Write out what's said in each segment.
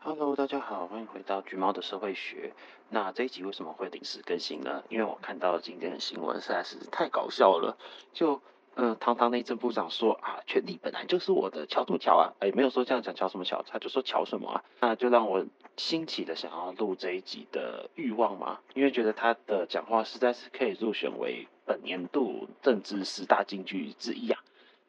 Hello，大家好，歡迎回到橘貓的社會學。那這一集為什麼會臨時更新呢？因為我看到今天的新聞實在是太搞笑了。就，嗯、呃，堂堂內政部長說啊，權力本來就是我的翹楚橋啊，哎、欸，沒有說這樣講翹什麼橋，他就說翹什麼啊，那就讓我興起的想要錄這一集的慾望嘛，因為覺得他的講話實在是可以入選為本年度政治十大金句之一啊。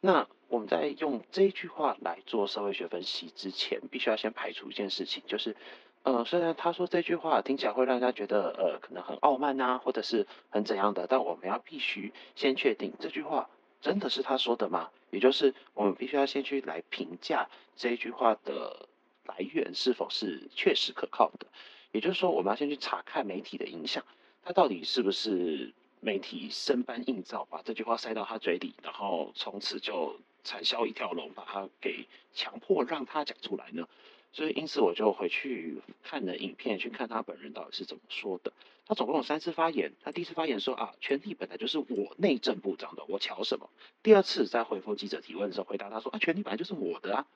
那我們在用這一句話來做社會學分析之前，必須要先排除一件事情，就是，呃，雖然他說這句話聽起來會讓人家覺得，呃，可能很傲慢吶、啊，或者是很怎樣的，但我們要必須先確定這句話真的是他說的嗎？也就是，我們必須要先去來評價這句話的來源是否是確實可靠的。也就是說，我們要先去查看媒體的影響，它到底是不是，媒體生搬硬造，把這句話塞到他嘴裡，然後從此就產銷一條龍，把他給強迫讓他講出來呢。所以，因此我就回去看了影片，去看他本人到底是怎麼說的。他總共有三次發言，他第一次發言說啊，權力本來就是我內政部長的，我巧什麼。第二次在回覆記者提問的時候，回答他說啊，權力本來就是我的啊。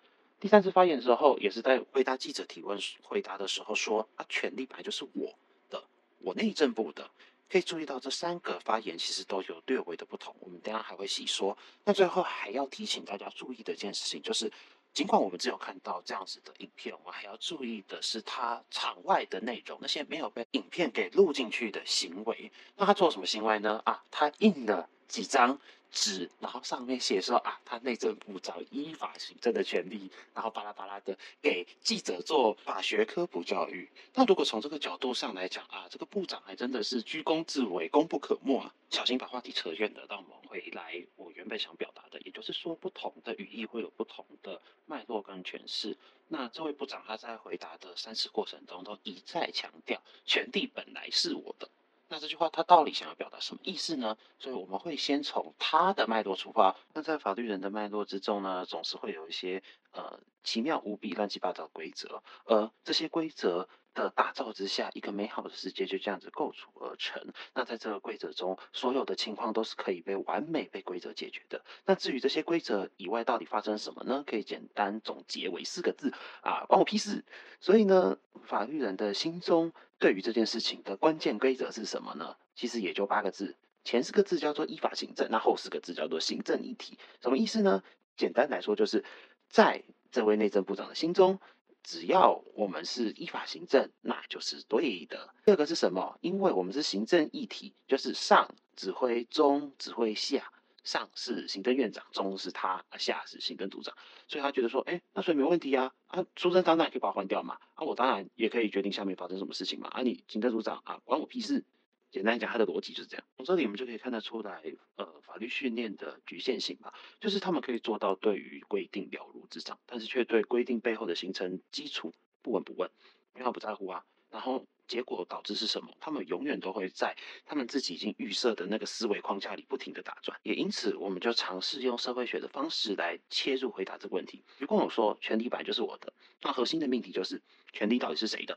第三次發言的時候，也是在回答記者提問回答的時候說啊，權力本來就是我的，我內政部的。可以注意到這三個發言其實都有略微的不同，我們等下還會細說。那最後還要提醒大家注意的一件事情就是，儘管我們只有看到這樣子的影片，我們還要注意的是他場外的內容，那些沒有被影片給錄進去的行為。那他做什麼行為呢？啊，他印了幾張。紙，然後上面寫說啊，他內政部長依法行政的權利，然後巴拉巴拉的給記者做法學科普教育。那如果從這個角度上來講啊，這個部長還真的是居功至偉，功不可沒啊。小心把話題扯遠了，那我們回來，我原本想表達的，也就是說，不同的語義會有不同的脈絡跟詮釋。那這位部長他在回答的三次過程中，都一再強調，權力本來是我的。那這句話它，到底想要表達什麼意思呢？所以我們會先從它的脈絡出發。那在法律人的脈絡之中呢，總是會有一些呃奇妙無比、亂七八糟的規則，而這些規則的打造之下，一個美好的世界就這樣子構築而成。那在這個規則中，所有的情況都是可以被完美被規則解決的。那至於這些規則以外，到底發生什麼呢？可以簡單總結為四個字：啊，關我屁事。所以呢，法律人的心中對於這件事情的關鍵規則是什麼呢？其實也就八個字，前四個字叫做依法行政，那後四個字叫做行政一體。什麼意思呢？簡單來說，就是在這位內政部長的心中。只要我們是依法行政，那就是對的。第二個是什麼？因為我們是行政一體，就是上指揮中，指揮下，上是行政院長，中是他，下是行政組長，所以他覺得說，哎、欸，那所以沒問題啊，啊，蘇貞昌當然可以把它換掉嘛，啊，我當然也可以決定下面發生什麼事情嘛，啊，你行政組長啊，管我屁事。簡單講，它的邏輯就是這樣。從這裡我們就可以看得出來，呃，法律訓練的局限性吧，就是他們可以做到對於規定了如指掌，但是卻對規定背後的形成基礎不聞不問，因為他不在乎啊。然後結果導致是什麼？他們永遠都會在他們自己已經預設的那個思維框架裡不停地打轉。也因此，我們就嘗試用社會學的方式來切入回答這個問題。如果我說權力本來就是我的，那核心的命題就是權力到底是誰的？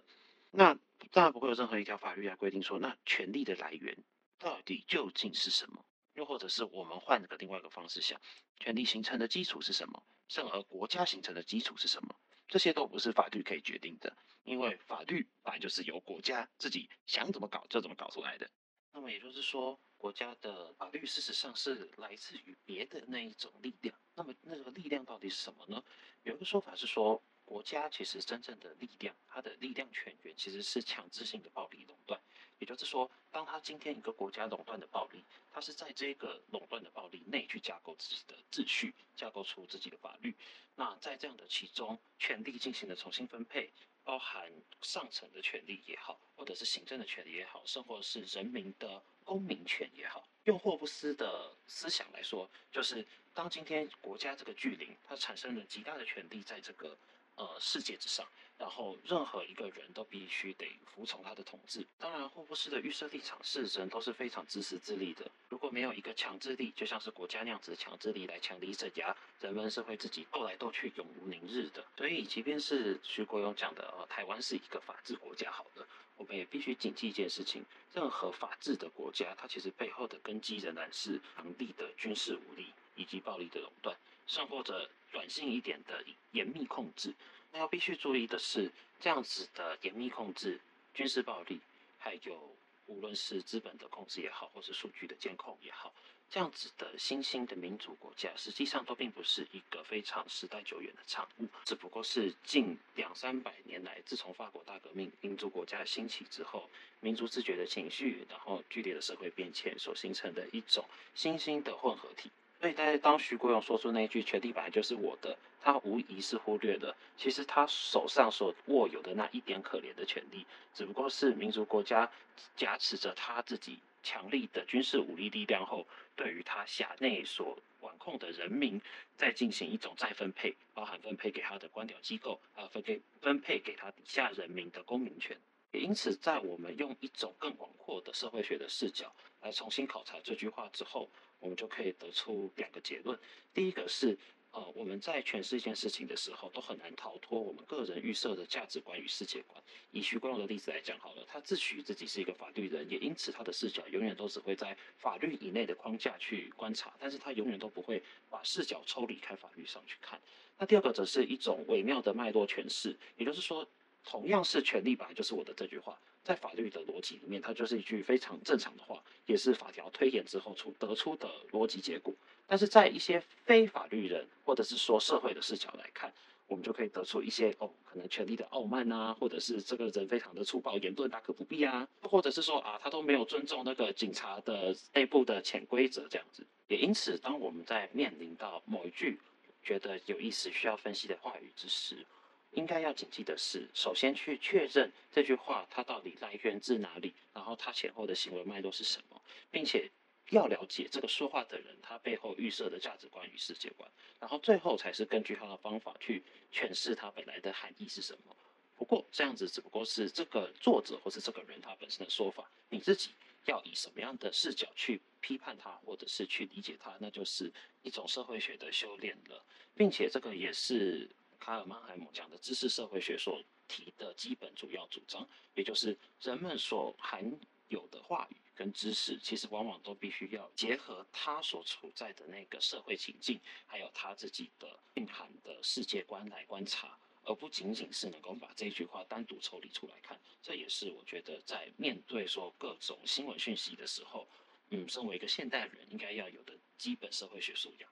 那當然不會有任何一條法律來規定說，那權力的來源到底究竟是什麼？又或者是我們換個另外一個方式想，權力形成的基礎是什麼？甚而國家形成的基礎是什麼？這些都不是法律可以決定的，因為法律本來就是由國家自己想怎麼搞就怎麼搞出來的。那麼也就是說，國家的法律事實上是來自於別的那一種力量。那麼那個力量到底是什麼呢？有一個說法是說，國家其實真正的力量，它的力量泉源其實是強制性的暴力壟斷。也就是說，當它今天一個國家壟斷的暴力，它是在這個壟斷的暴力內去架構自己的秩序，架構出自己的法律。那在這樣的其中，權力進行了重新分配，包含上層的權力也好，或者是行政的權力也好，甚至是人民的公民權也好。用霍布斯的思想來說，就是當今天國家這個巨靈，它產生了極大的權力在這個。呃，世界之上，然後任何一個人都必須得服從他的統治。當然，霍布斯的預設立場是人都是非常自私自利的。如果沒有一個強制力，就像是國家那樣子的強制力來強力鎮壓，人們是會自己鬥來鬥去，永無寧日的。所以，即便是徐國勇講的，呃，台灣是一個法治國家，好了，我們也必須謹記一件事情：任何法治的國家，它其實背後的根基仍然是強力的軍事武力以及暴力的壟斷。甚或者軟性一點的嚴密控制，那要必須注意的是，這樣子的嚴密控制、軍事暴力，還有無論是資本的控制也好，或是數據的監控也好，這樣子的新興的民主國家，實際上都並不是一個非常時代久遠的產物，只不過是近兩三百年來，自從法國大革命、民族國家興起之後，民族自覺的情緒，然後劇烈的社會變遷所形成的一種新興的混合體。所以，在當徐國勇說出那一句“權力本來就是我的”，他無疑是忽略了，其實他手上所握有的那一點可憐的權力，只不過是民族國家，挾持着他自己強力的軍事武力力量後，對於他轄內所管控的人民再進行一種再分配，包含分配給他的官僚機構啊，分給分配給他底下人民的公民權。也因此，在我們用一種更廣闊的社會學的視角來重新考察這句話之後。我們就可以得出兩個結論，第一個是，呃，我們在詮釋一件事情的時候，都很難逃脫我們個人預設的價值觀與世界觀。以徐光榮的例子來講好了，他自詡自己是一個法律人，也因此他的視角永遠都只會在法律以內的框架去觀察，但是他永遠都不會把視角抽離開法律上去看。那第二個則是一種微妙的脈絡詮釋，也就是說，同樣是權力本來就是我的這句話。在法律的邏輯裡面，它就是一句非常正常的話，也是法條推演之後出得出的邏輯結果。但是在一些非法律人或者是說社會的視角來看，我們就可以得出一些哦，可能權力的傲慢吶、啊，或者是這個人非常的粗暴，言論大可不必啊，或者是說啊，他都沒有尊重那個警察的內部的潛規則這樣子。也因此，當我們在面臨到某一句覺得有意思需要分析的話語之時，應該要謹記的是，首先去確認這句話它到底來源自哪裡，然後它前後的行為脈絡是什麼，並且要了解這個說話的人他背後預設的價值觀與世界觀，然後最後才是根據他的方法去詮釋他本來的含義是什麼。不過這樣子只不過是這個作者或是這個人他本身的說法，你自己要以什麼樣的視角去批判他或者是去理解他，那就是一種社會學的修煉了，並且這個也是。哈爾曼海姆講的知識社會學所提的基本主要主張，也就是人們所含有的話語跟知識，其實往往都必須要結合他所處在的那個社會情境，還有他自己的蘊含的世界觀來觀察，而不僅僅是能夠把這句話單獨抽離出來看。這也是我覺得在面對說各種新聞訊息的時候，嗯，身為一個現代人應該要有的基本社會學素養。